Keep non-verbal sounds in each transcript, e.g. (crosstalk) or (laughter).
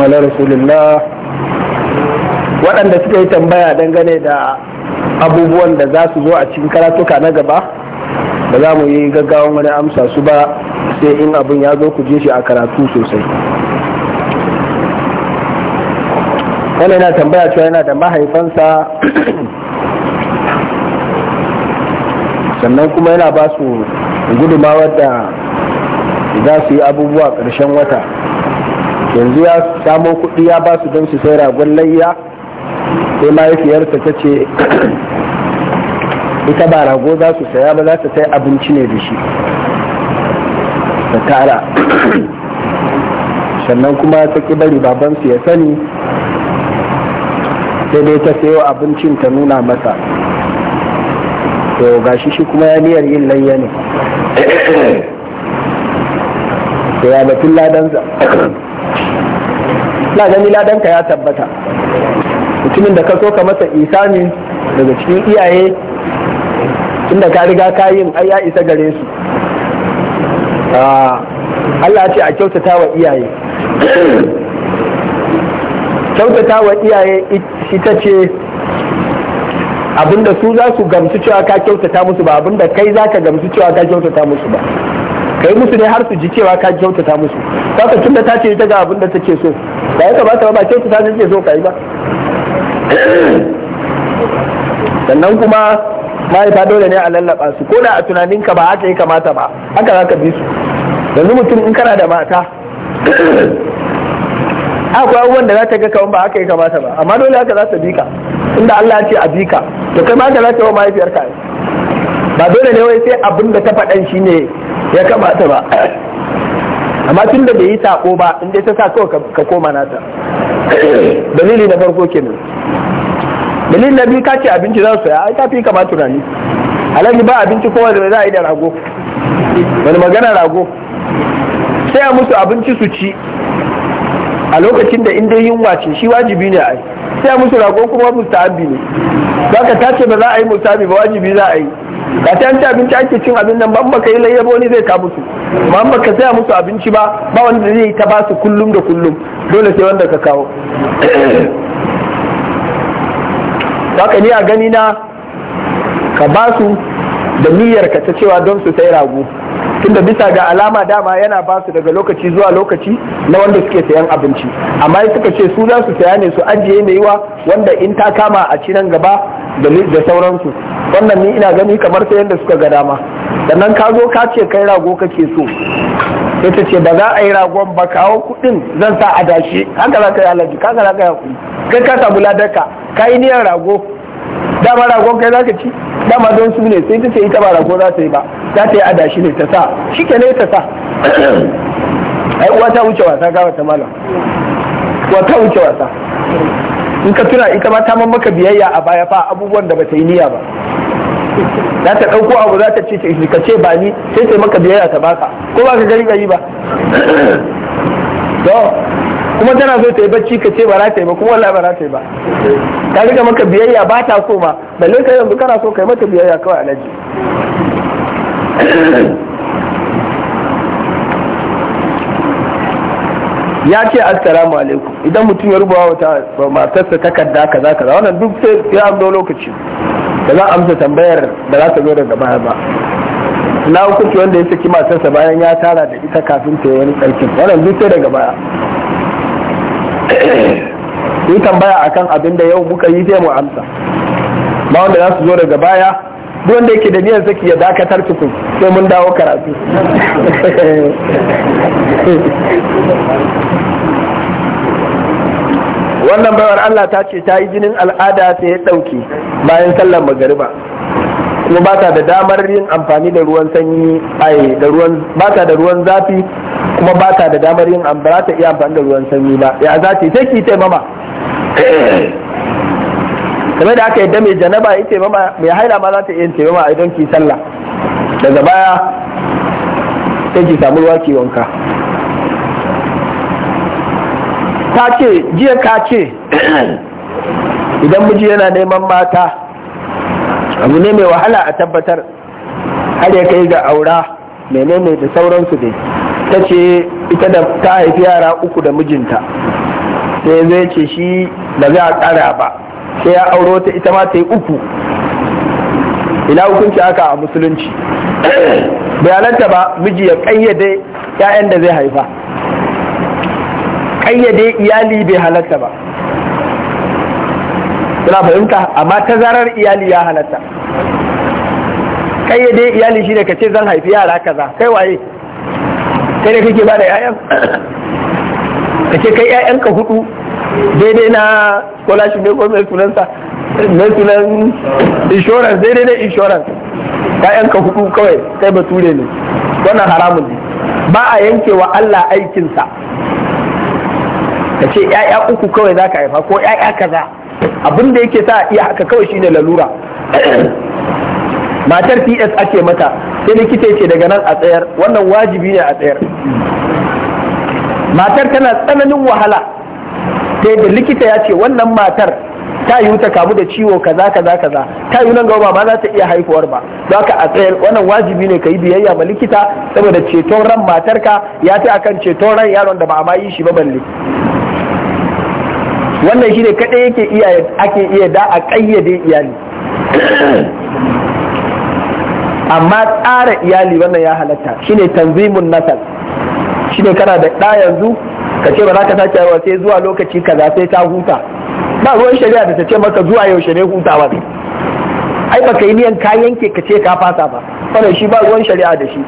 ala rasulullah waɗanda suka yi tambaya dangane da abubuwan da za su zo a cikin karatuka na gaba ba za mu yi gaggawan wani amsa su ba sai in abin ya zo ku je shi a karatu sosai wani yana tambaya cewa yana da mahaifansa sannan kuma yana ba su gudumawar da za su yi abubuwa ƙarshen wata yanzu ya samo kuɗi ya ba su don su sai ragon layya sai mahaifiyarsa ta ce ita ba rago za su saya ba za ta sai abinci ne da shi da tara sannan kuma ta ki bari babansu ya sani sai dai ta sayo abincin ta nuna masa to gashi shi kuma ya niyar yin layya ne to ya batun ladansa na gani ladanka ya tabbata mutumin da ka so ka masa isani daga cikin iyaye tunda ka riga ka yin ai ya isa gare su ah, Allah ce a kyautata wa iyaye kyautata wa iyaye ita ce abinda su za su gamsu cewa ka kyautata musu ba abinda kai za ka gamsu cewa ka kyautata musu ba kai musu ne har su ji cewa ka kyautata musu saka tunda ta ce ita ga abin da take so ba ya kamata ba kyautata ke so kai ba sannan kuma mahaifa dole ne a lallaba su ko da a tunaninka ba haka ya kamata ba haka za ka bi su yanzu mutum in kana da mata akwai abubuwan da za ta ga kawan ba haka ya kamata ba amma dole haka za ta bi ka inda Allah ce a bi ka to kai ma haka za ta yi wa mahaifiyarka ba dole ne wai sai abin da ta faɗan shi ne ya kamata ba amma tun da bai yi sako ba in dai ta sa kawai ka koma nata dalili na farko kenan dalili na biyu ka ce abinci za su ya ai tafi kama tunani alhaji ba abinci kowa da za a yi da rago wani magana rago sai a musu abinci su ci a lokacin da inda yin wacin shi wajibi ne a yi sai a musu rago kuma musta'abi ne ba ka tace ba za a yi musta'abi ba wajibi za a yi Ka ta yanci abinci ake cin abin nan ban baka yi layyabo wani zai ka musu ba baka saya musu abinci ba ba wanda zai ta ba su kullum da kullum dole sai wanda ka kawo haka ni a gani na ka ba su da niyyar ka ta cewa don su sai rago tunda bisa ga alama dama yana ba su daga lokaci zuwa lokaci na wanda suke sayan abinci amma suka ce su za su saya ne su ajiye mai yiwa wanda in ta kama a ci nan gaba da sauransu wannan ni ina gani kamar sai yadda suka ga dama sannan ka zo ka ce kai rago kake so sai ta ce ba za a yi ragon ba kawo kuɗin zan sa a dashi haka za ka yi alaji haka za ka yi hakuri kai ka samu ladarka ka yi niyan rago dama ragon kai zaka ci dama don su ne sai ta ce ita ba rago za ta yi ba za ta yi adashi ne ta sa shike ne ta sa ai uwa ta wuce wasa ga wata malam uwa ta wuce wasa in ka tuna ita ma ta maka biyayya a baya fa abubuwan da bata yi niyya ba za ta ɗauko abu za ta ce ta ka ce ba ni sai ta maka biyayya ta baka ko ba ka gari gari ba kuma tana so ta yi bacci ka ce ba za ta yi ba kuma wallahi ba za ta yi ba ka riga maka biyayya ba ta so ma balle ka yanzu kana so ka yi mata biyayya kawai alaji ya ce assalamu alaikum idan mutum ya rubawa wata matarsa takarda kaza kaza wannan duk sai ya amdo lokaci da za amsa tambayar da za ta zo daga baya ba na hukunci wanda ya saki matarsa bayan ya tara da ita kafin ta yi wani tsarkin wannan duk sai daga baya yi tambaya akan abin da yau muka yi zai mu amsa ba wanda za su zo daga baya duk wanda yake da niyyar saki ya dakatar tukun sai mun dawo karatu wannan baiwar Allah ta ce ta yi jinin al'ada sai ya ɗauke bayan sallar magariba kuma ba ta da damar yin amfani da ruwan sanyi ai da ruwan ba ta da ruwan zafi kuma ba ta da damar yin ambara ta iya amfani da ruwan sanyi ba ya za ta ta ki mama kamar da aka yadda mai janaba ya taimama mai haila ma za ta iya taimama a idan ki sallah daga baya sai ki samu ruwa ki wanka ta ce jiya ka ce idan miji yana neman mata abu ne mai wahala a tabbatar har ya kai ga aura menene da sauransu dai ta ce ita da ta haifi yara uku da mijinta sai zai ce shi ba za a kara ba sai ya auro ta ita ma ta yi uku ina hukunci haka a musulunci (coughs) bayananta ba miji ya kayyade 'ya'yan da zai haifa kayyade iyali bai halatta ba suna fahimta amma tazarar iyali ya halatta kayyade iyali shi ne ka ce zan haifi yara kaza kai waye kai ne kake ba da yayan ka ce kai yayan ka hudu daidai na kolashin ne ko mai sunansa mai sunan insurance daidai na insurance yayan ka hudu kawai kai ba ture ne wannan haramun ne ba a yanke wa Allah aikinsa ka ce ‘ya'ya uku kawai za ka haifa ko ‘ya'ya kaza abin da yake sa iya haka kawai shine lalura matar ts ake mata sai likita ce daga nan a tsayar wannan wajibi ne a tsayar matar tana tsananin wahala ta yadda likita ya ce wannan matar ta yi ta kamu da ciwo kaza kaza kaza ta yi nan gaba ba za ta iya haifuwar ba za ka a tsayar wannan wajibi ne ka yi biyayya ma likita saboda ceton ran matarka ya ta akan ceton ran yaron da ba a ma yi shi ba balle wannan shi ne kaɗai yake iya ake iya da a ƙayyade iyali amma tsara iyali wannan ya halatta shine tanzimun nasal shine kana da ɗa yanzu ka ce ba za ka sake yawa sai zuwa lokaci kaza sai ta huta ba ruwan shari'a da ta ce maka zuwa yaushe ne hutawa ai baka yi niyan ka yanke ka ce ka fasa ba wannan shi ba ruwan shari'a da shi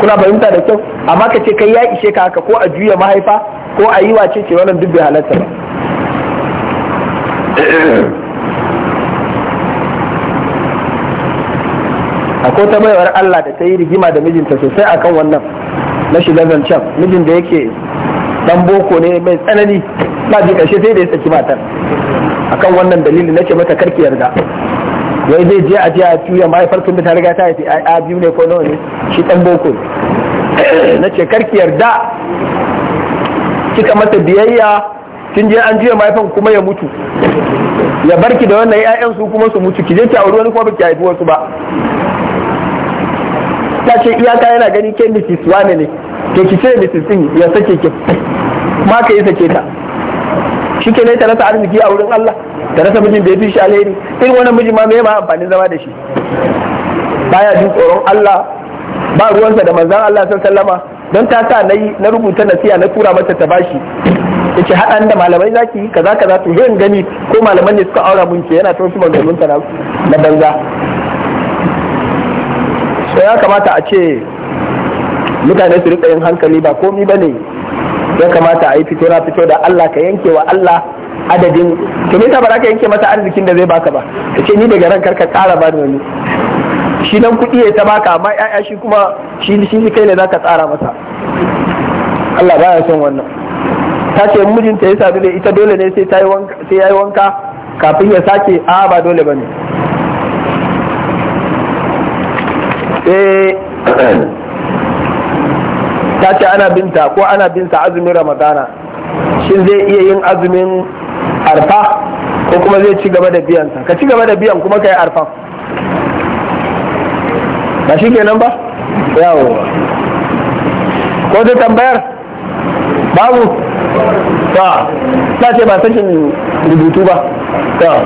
kuna fahimta da kyau amma ka ce kai ya ishe ka haka ko a juya mahaifa ko a yi wace ce wannan duk bai halatta ba (coughs) akwai ta baiwar Allah da ta yi rigima da mijinta sosai a kan wannan na shiga zancen mijin da yake dan boko ne mai tsanani ba ji karshe sai da ya saki matar kan wannan dalili nace mata karki yarda wai zai je a je a tuya mahaifar tun da ta riga ta haifi a biyu ne ko nawa ne shi dan boko nace karki yarda kika mata biyayya kin je an jiya mahaifan kuma ya mutu ya barki da wannan 'ya'yan su kuma su mutu ki je ki auri wani kuma baki haifi wasu ba ta ce iyaka yana gani ke Mrs. Wane ne ke ki ce Mrs. Singh ya sake ki ma ka yi sake ta shi ke ne ta rasa arziki a wurin Allah ta rasa mijin da ya fi shi alheri irin wani miji ma mai ma amfani zama da shi baya jin tsoron Allah ba ruwansa da manzan Allah sun sallama don ta sa na na rubuta nasiya na tura mata ta bashi ya ce haɗa da malamai za ki yi kaza kaza to yin gani ko malaman ne suka aura mun ke yana toshi maganganun ta na banza da ya kamata a ce mutane su rika yin hankali ba komi ba ne ya kamata a yi fito na fito da Allah ka yanke wa Allah adadin to me ba za ka yanke masa arzikin da zai baka ba ka ce ni daga ran karka tsara ba wani shi nan kuɗi ya ta baka amma ya'ya shi kuma shi shi kai ne za ka tsara masa Allah baya son wannan ta ce mijinta ya sadu da ita dole ne sai ta yi wanka kafin ya sake a ba dole ba ne. Eh. ta ce ana binta ko ana binta azumin ramadana shin zai iya yin azumin arfa ko kuma zai ci gaba da biyansa ka ci gaba da biyan kuma ka yi arfan ba shi kenan ba yawo ko zai tambayar babu ba ta ce ba sakin rubutu ba ta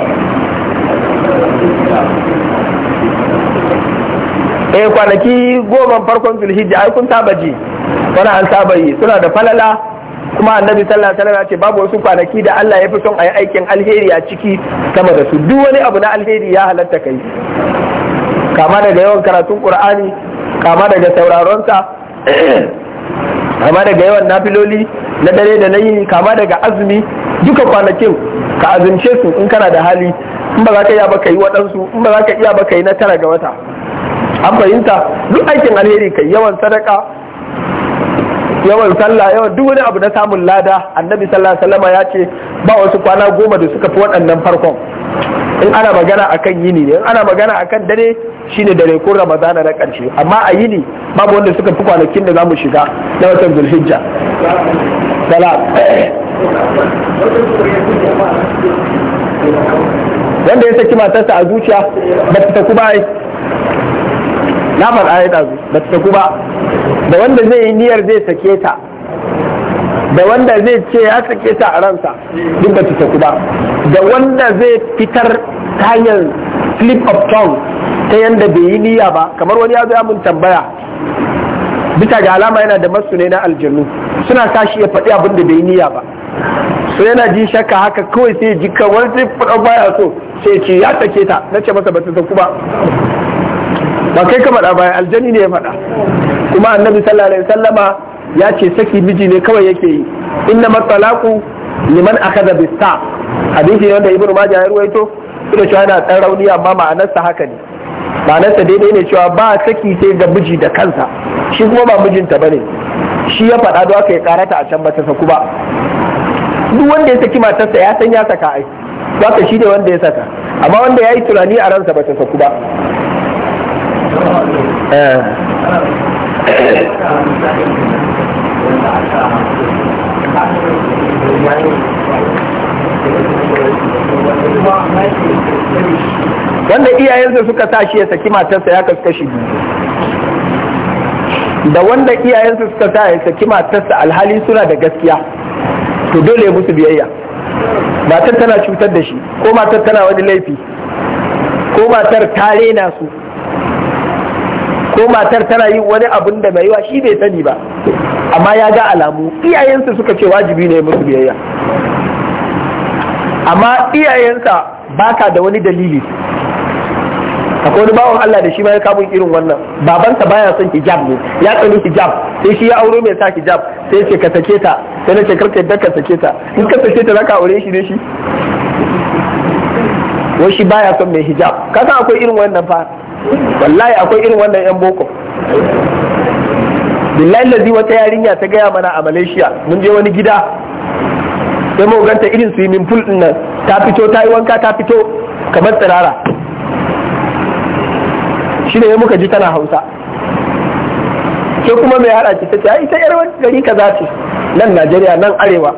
eh kwanaki goma farkon zulhijja ai kun saba ji wani an saba yi suna da falala kuma annabi sallallahu alaihi wasallam ce babu wasu kwanaki da Allah ya fi son a yi aikin alheri a ciki sama da su duk wani abu na alheri ya halatta kai kama daga yawan karatun qur'ani kama daga sauraron sa (clears throat) kama daga yawan nafiloli na dare da na yini kama daga azumi duka kwanakin ka azumce su in kana da hali in ba za ka iya ba ka waɗansu in ba za ka iya ba ka na tara ga wata an fahimta duk aikin alheri kai yawan sadaka yawan sallah yawan duk wani abu na samun lada annabi sallallahu alaihi wasallam ya ce ba wasu kwana goma da suka fi waɗannan farkon in ana magana akan yini ne in ana magana akan dare shine dare ko ramadana na karshe amma a yini babu wanda suka fi kwanakin da zamu shiga na watan zulhijja salam wanda ya saki matarsa a zuciya ba ta kuma ai na faɗa ya ɗazu ba ta ba da wanda zai yi niyyar zai sake ta da wanda zai ce ya sake ta a ransa duk ba ta ba da wanda zai fitar ta hanyar slip of tongue ta yanda bai yi niyya ba kamar wani ya zo ya mun tambaya bita ga alama yana da masu ne na aljannu suna tashi ya faɗi abin da bai yi niyya ba so yana ji shakka haka kawai sai ji kawai sai faɗa baya so sai ce ya sake ta na ce masa ba ta ba ba kai ka faɗa bayan aljani ne ya faɗa kuma annabi sallallahu alaihi wasallama ya ce saki miji ne kawai yake yi inna matalaku liman akaza bista hadisi ne wanda ibnu majah ya ruwaito da cewa yana dan rauni amma ma'anarsa haka ne ma'anarsa daidai ne cewa ba saki sai ga miji da kansa shi kuma ba mijinta bane shi ya faɗa don aka yi karata a can ba ta saku ba duk wanda ya saki matarsa ya san ya saka ai ba ka shi ne wanda ya saka amma wanda ya yi tunani a ransa ba ta saku ba Eh. wanda iyayensa suka sa shi ya saki matarsa ya kaskashi biyu da wanda iyayensa suka sa ya saki matarsa alhali suna da gaskiya to dole musu biyayya matar tana cutar da shi ko matar tana wani laifi ko matar ta na su ko matar tana yin wani abun da bai wa shi bai sani ba amma ya ga alamu iyayensa suka ce wajibi ne musu biyayya amma iyayensa baka da wani dalili akwai wani bawon Allah da shi ma ya kamo irin wannan babansa baya son hijab ne ya tsani hijab sai shi ya auro mai sa hijab sai ce ka sake ta sai na ce karka yadda ka sake ta in ka sake ta zaka aure shi ne shi wai shi baya son mai hijab ka san akwai irin wannan fa wallahi akwai irin wannan yan boko billahi lazi wata yarinya ta gaya mana a malaysia mun je wani gida sai mu ganta irin swimming pool din nan ta fito ta yi wanka ta fito kamar tsirara shi ne muka ji tana hausa ke kuma mai hada ce ta ce ita yar gari kaza ce nan najeriya nan arewa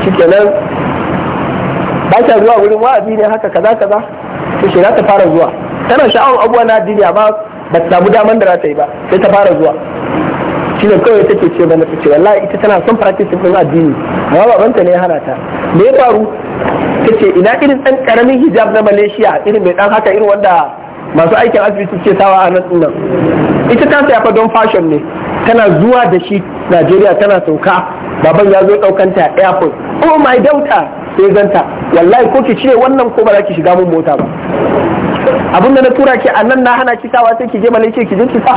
kenan ba ta zuwa wurin wa'azi ne haka kaza kaza to za ta fara zuwa tana sha'awar abubuwa na addini amma ba ta samu daman da za ta yi ba sai ta fara zuwa shi ne kawai take ce mana ta ce wallahi ita tana son practice din addini amma babanta ne ya hana ta me ya faru ta ce ina irin dan karamin hijab na Malaysia irin mai dan haka irin wanda masu aikin asibiti ke sawa a nan nan ita ta saya fa don fashion ne tana zuwa da shi Najeriya tana sauka baban ya zo daukanta airport oh my daughter sai zanta wallahi ko ki cire wannan ko ba za ki shiga mun mota ba abin da na tura ki a nan na hana ki sawa sai ki je malaysia ki je ki sa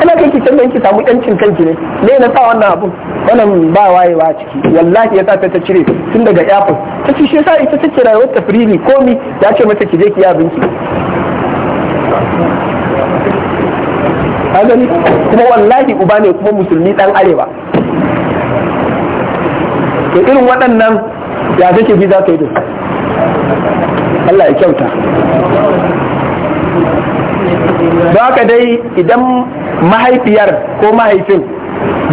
ana kai ki can ki samu yancin kanki ne ne na sa wannan abun wannan ba wayewa ciki wallahi ya sa ta cire tun daga airport ta ci shi sa ita take rayuwar ta freely komi ya ce mata ki je ki yi abinki gani kuma wallahi uba ne kuma musulmi dan arewa to irin waɗannan ya take bi za ka yi da Allah ya kyauta ba ka dai idan mahaifiyar ko mahaifin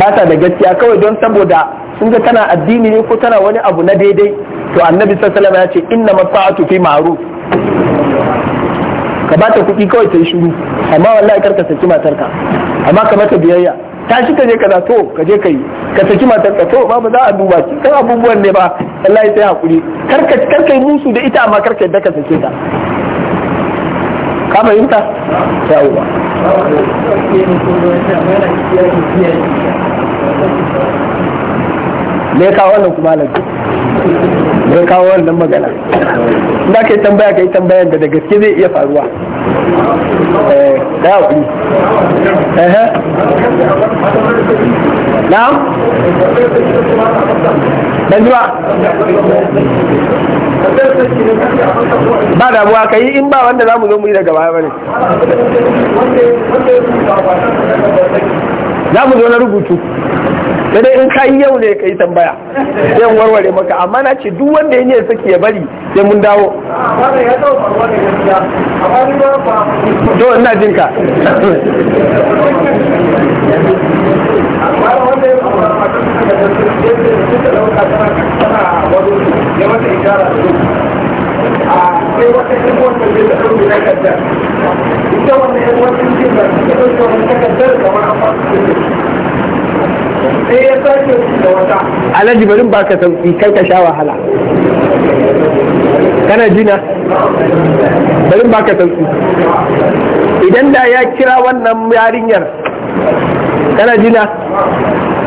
ba ta da gaskiya kawai don saboda sun ga tana addini ne ko tana wani abu na daidai to annabi sallallahu ya ce inna masa'atu fi ma'ruf ka ba ta kuɗi kawai ta yi shiru amma wallahi kar ka saki matarka amma ka mata biyayya ta shi ka je ka to ka je ka yi ka saki matarka to ba ba za a duba ki kan abubuwan ne ba wallahi sai hakuri karka karka musu da ita amma karka yadda ka sake ta ka fahimta yawwa me ka kawo wannan kuma alaji me ka kawo wannan magana da ka yi tambaya ka yi tambayan da da gaske zai iya faruwa Eh, da buwa ka yi in ba wanda za mu zo mu yi daga baya ba ne za mu zo na rubutu da in ka yau ne ka yi tambaya yau warware maka amma na ce duk wanda ya ne saki ya bari sai mun dawo to ina jin ka alhaji bari ba ka sauki kai ka sha wahala kana jina bari ba ka sauki idan da ya kira wannan yarinyar kana jina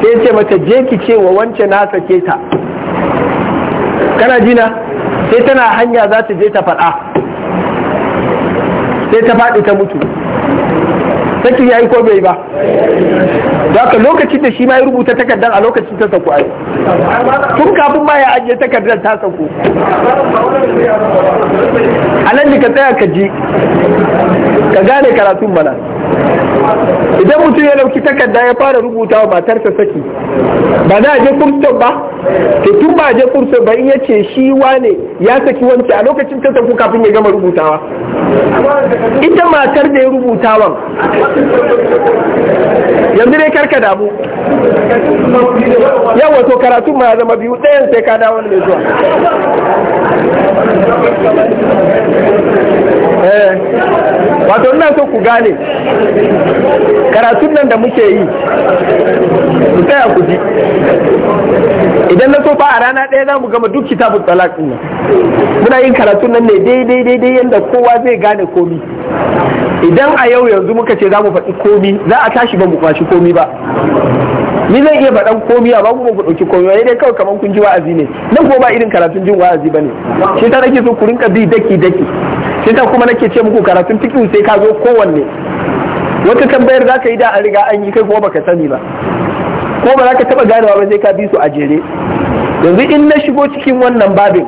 sai ce mata je ki ce wa wance na sake ta kana jina sai tana hanya za ta je ta faɗa sai ta faɗi ta mutu sakin ya yi ko bai ba haka lokacin da shi ma ya rubuta takardar a lokacin ta sauku ai tun kafin ma ya ajiye takardar ta sauku a nan ka tsaya ka ji ka gane karatun mana idan mutum ya dauki takarda ya fara rubuta wa matarsa saki ba za a je kurso ba to tun ba a je kurso ba in ya ce shi wane ya saki wance a lokacin ta tafi kafin ya gama rubutawa ita matar da ya rubutawan yanzu dai karka damu yawa to karatu ma ya zama biyu ɗayan sai ka dawo mai zuwa eh, wato ina so ku gane karatun nan da muke yi su tsaya ku ji idan na so fa a rana ɗaya za mu gama duk kitabun talak nan muna yin karatun nan ne daidai daidai yadda kowa zai gane komi idan a yau yanzu muka ce za mu faɗi komi za a tashi ba mu kwashi komi ba ni zai iya faɗan komi a babu ku ɗauki komi ba dai kawai kamar kun ji wa'azi ne nan ko ba irin karatun jin wa'azi ba ne shi ta nake so ku rinka bi daki daki shi ta kuma nake ce muku karatun fikin sai ka zo kowanne wata tambayar za ka yi da a riga an yi kai kuma baka sani ba ko ba za ka taba ganewa ba zai ka bi su a jere yanzu in na shigo cikin wannan babin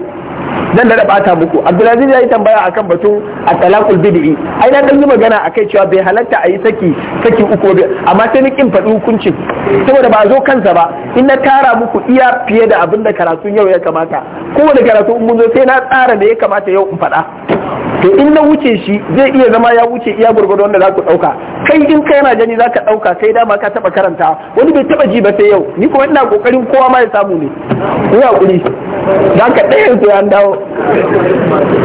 nan da bata muku Abdulaziz ya yi tambaya akan batun a talakul bid'i ai na dan yi magana akai cewa bai halatta a yi saki saki uku ba amma sai ni kin faɗi hukuncin saboda ba zo kansa ba in na tara muku iya fiye da abinda karatu karatun yau ya kamata kowane karatu in mun zo sai na tsara da ya kamata yau in faɗa to in na wuce shi zai iya zama ya wuce iya gurgurdo wanda za ku ɗauka kai in kai na gani za ka ɗauka kai dama ka taɓa karanta wani bai taɓa ji ba sai yau ni kuma ina ƙoƙarin kowa ma ya samu ne ku ƙuri za ka ɗaya ku ya dawo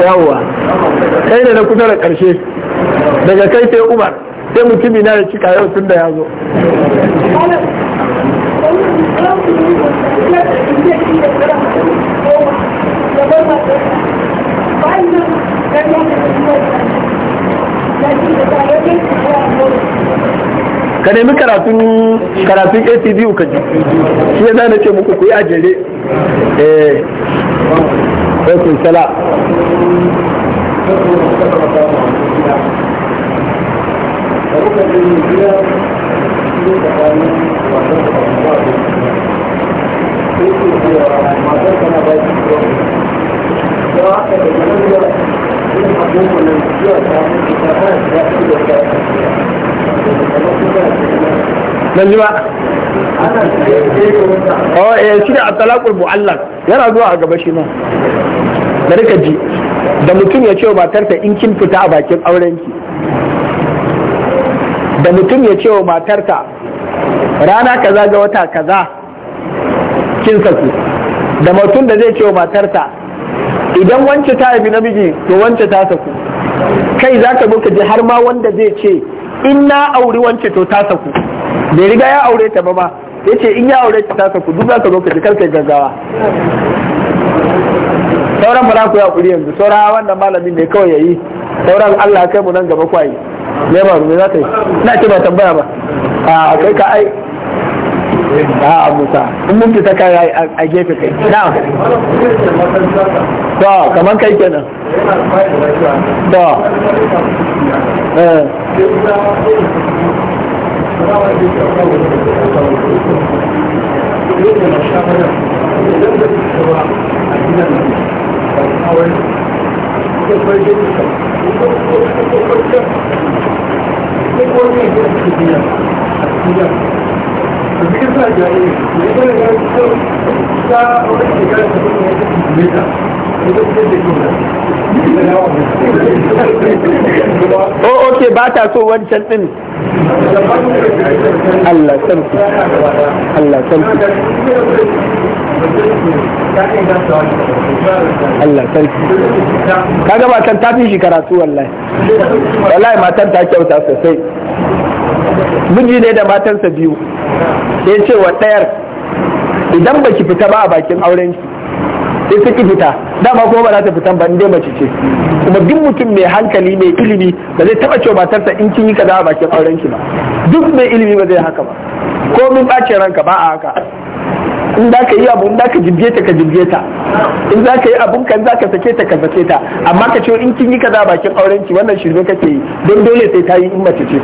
yawwa kai da na kusa da ƙarshe daga kai sai umar sai mutumi na ya cika yau tun da ya zo Thank you. ka nemi karatun karatun ACD ka ji shi ya zana ce muku ku yi ajere eh ɗaukun sala nan ba oh eh shi da atalaqul mu'allaq yana zuwa a gaba shi ma da rika ji da mutum ya ce wa matarsa in kin fita a bakin aurenki da mutum ya ce wa matarsa rana kaza ga wata kaza kin saku da mutum da zai ce wa matarsa idan wance ta haifi namiji to wance ta saku kai za ka ka ji har ma wanda zai ce in na auri wance to ta saku bai riga ya aure ta ba ma ya ce in ya aure ta ta saku duk za ka zo ka ji karkai gaggawa sauran ba za ku yi hakuri yanzu sauran wannan malamin ne kawai ya yi sauran allah kai mu nan gaba kwayi ne ba ne za ka yi na ce ba tambaya ba a kai ka ai a musa in a gefe kai na to kamar kai kenan to Thank eh. you. o oh, oke ba ta so wancan ɗin. Allah sarki. Allah sarki. Allah sarki. Kaga matan ta fi shi karatu wallahi. Wallahi matan ta kyauta sosai. miji ne da matansa biyu ya ce wa ɗayar idan ba ki fita ba a bakin auren ki sai suki fita dama kuma ba za ta fita ba inda dai mace ce kuma duk mutum mai hankali mai ilimi ba zai taba cewa matarsa in kin yi kaza a bakin auren ki ba duk mai ilimi ba zai haka ba ko min bacin ranka ba a haka in za ka yi abu in za ka jirge ta ka jirge ta in za ka yi abun kan za ka sake ta ka sake ta amma ka ce in kin yi kaza bakin auren ki wannan shirme kake yi don dole sai ta yi in mace ce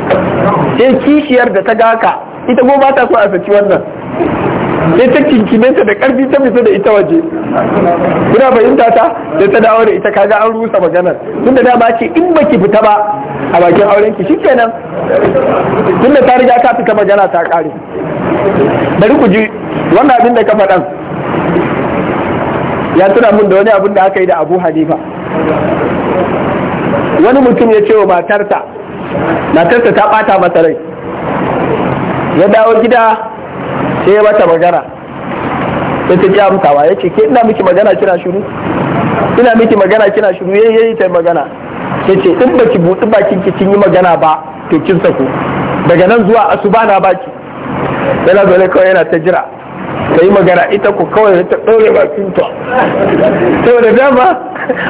sai kishiyar da ta ga ka ita ko ba ta so a saki wannan sai ta kinkime ta da karfi ta fita da ita waje kuna fahimta ta sai ta dawo da ita kaga an rusa maganar tunda da ba ce in baki fita ba a bakin auren ki shikenan tunda ta riga ka fita magana ta kare bari ku ji wannan abin da ka faɗan ya tuna mun da wani abin da aka yi da abu hanifa wani mutum ya ce wa matarta matarta ta ɓata masa rai ya dawo gida sai ya mata magana sai ta ji mutawa ya ce ke ina miki magana kina shiru ina miki magana kina shiru ya yi ta magana ya ce in baki buɗi bakin ki kin yi magana ba to kin sako daga nan zuwa asuba na baki yana zaune kawai yana ta jira ta yi magana ita ku kawai ta ɗaure bakin ta saboda dama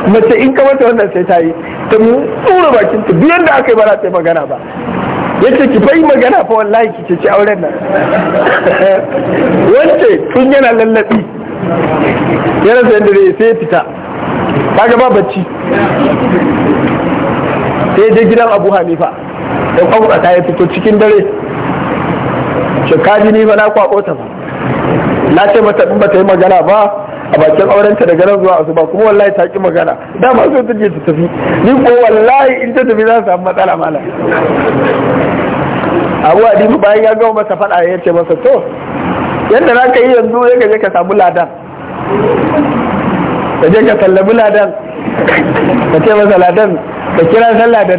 mace in ka mata wannan sai ta yi ta ɗaure bakin ta biyan da aka yi ba za ta yi magana ba yace ki bai magana fa wallahi ki ci auren nan wance tun yana lallabi yana sai da sai fita kaga ba bacci sai je gidan Abu Hanifa da ta ya fito cikin dare shi kaji ba na kwako ta na ce mata in ba ta yi magana ba a bakin aurenta daga nan zuwa asuba kuma wallahi ta ki magana da so su je ta tafi ni ko wallahi in ta tafi za su samu matsala mala abu adibu bayan ya gama masa faɗa ya ce masa to yadda za ka yi yanzu ya gaje ka samu ladan ka je ka tallabi ladan ka ce masa ladan ka kira sallah da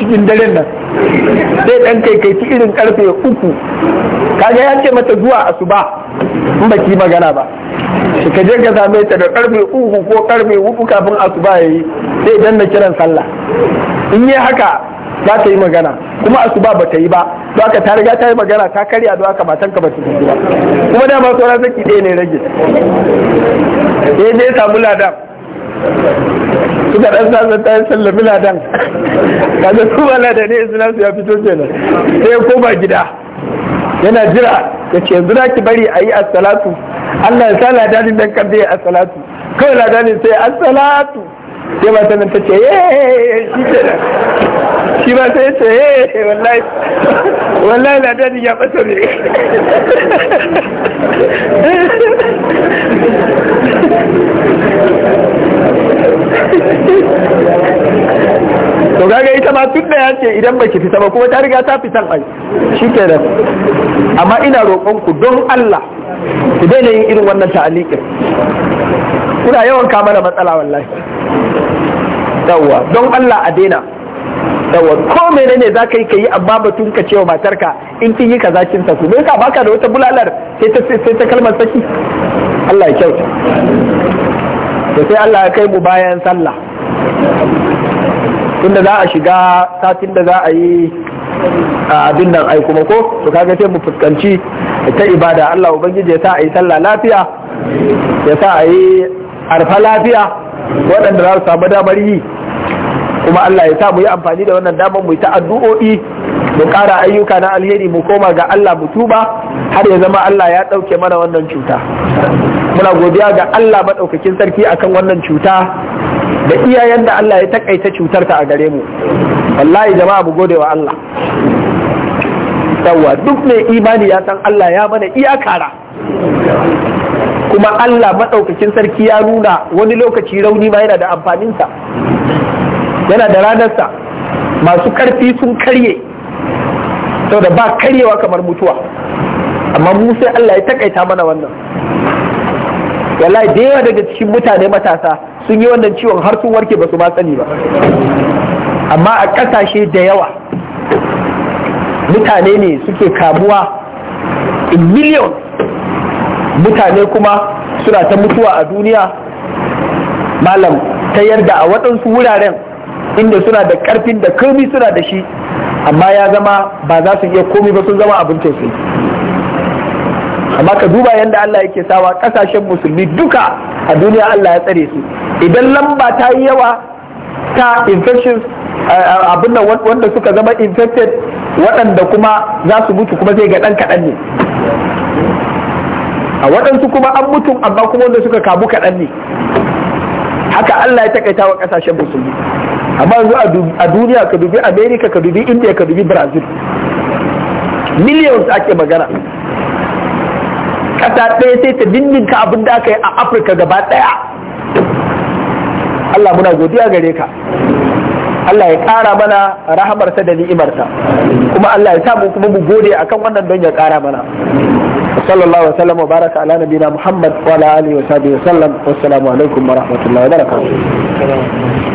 cikin daren nan sai dan kai kai irin karfe uku kaga ya ce mata zuwa asuba in baki magana ba ka je ka same ta da karfe uku ko karfe hudu kafin asuba yayi sai dan na kiran sallah in yi haka za ta yi magana kuma asuba ba ta yi ba to aka ta riga ta yi magana ta karya don haka matan ka ba ta ba kuma dama sauran saki ɗaya ne rage sai dai samu ladan suka ɗan sa ta yi sallami ladan kaga su ba da ne islam su ya fito kenan sai ya koma gida yana jira ya ce yanzu ki bari a yi assalatu Allah ya sa ladanin dan kan zai assalatu kawai ladanin sai assalatu sai ba sanin ta ce ye shi ce nan shi ba sai ce ye wallahi wallahi ladanin ya bata ne (laughs) to ga ita ma tun da ya ce idan ba ki fita ba kuma ta riga ta fitan ai shi da, amma ina roƙon ku don Allah ku daina yin irin wannan ta'aliƙin kuna yawan kama da matsala wallahi yawwa don Allah a daina yawwa ko menene za ka yi ka yi amma batun ka cewa matarka in kin yi kaza kin saku me ka baka da wata bulalar sai ta kalmar saki Allah ya kyauta da sai Allah ya kai mu bayan sallah tunda za a shiga satin da za a yi abin nan ai kuma ko to kaga sai mu fuskanci ta ibada Allah ubangiji ya sa a yi sallah lafiya ya sa a arfa lafiya waɗanda za su samu damar yi kuma Allah ya sa mu yi amfani da wannan damar mu yi ta addu'o'i mu ƙara ayyuka na alheri mu koma ga Allah mu tuba har ya zama Allah ya ɗauke mana wannan cuta muna godiya ga Allah maɗaukakin sarki akan wannan cuta da iyayen da Allah ya takaita cutar ta a gare mu wallahi jama'a mu gode wa Allah yawa duk mai imani ya san Allah ya mana iyakara kuma Allah maɗaukakin sarki ya nuna wani lokaci rauni ma yana da amfaninsa yana da ranarsa masu karfi sun karye saboda ba karyewa kamar mutuwa amma mu sai Allah ya takaita mana wannan wallahi da yawa daga cikin mutane matasa sun yi wannan ciwon har sun warke ba su ma ba amma a ƙasashe da yawa mutane ne suke kamuwa in miliyon mutane kuma suna ta mutuwa a duniya malam ta yarda a waɗansu wuraren inda suna da karfin da komi suna da shi amma ya zama ba za su iya komi ba sun zama abin tausayi amma ka duba yadda Allah yake sawa kasashen musulmi duka a duniya Allah ya tsare su idan lamba ta yi yawa ta infections eh, abin nan wanda suka zama infected waɗanda kuma za su mutu kuma zai ga ɗan kaɗan ne a waɗansu kuma an mutu amma kuma wanda suka kamu kaɗan ne haka Allah ya takaita wa ƙasashen musulmi amma yanzu a duniya ka dubi america ka dubi india ka dubi brazil millions ake magana kasa ɗaya sai ta dindinka abin da aka yi a afirka gaba ɗaya allah muna godiya gare ka Allah ya ƙara mana rahamarsa da ni'imarsa kuma Allah ya samu kuma mu gode akan wannan don ya ƙara mana sallallahu alaihi wasallam wa baraka ala nabiyina Muhammad wa ala alihi wa sahbihi wa sallam wassalamu alaikum wa rahmatullahi wa barakatuh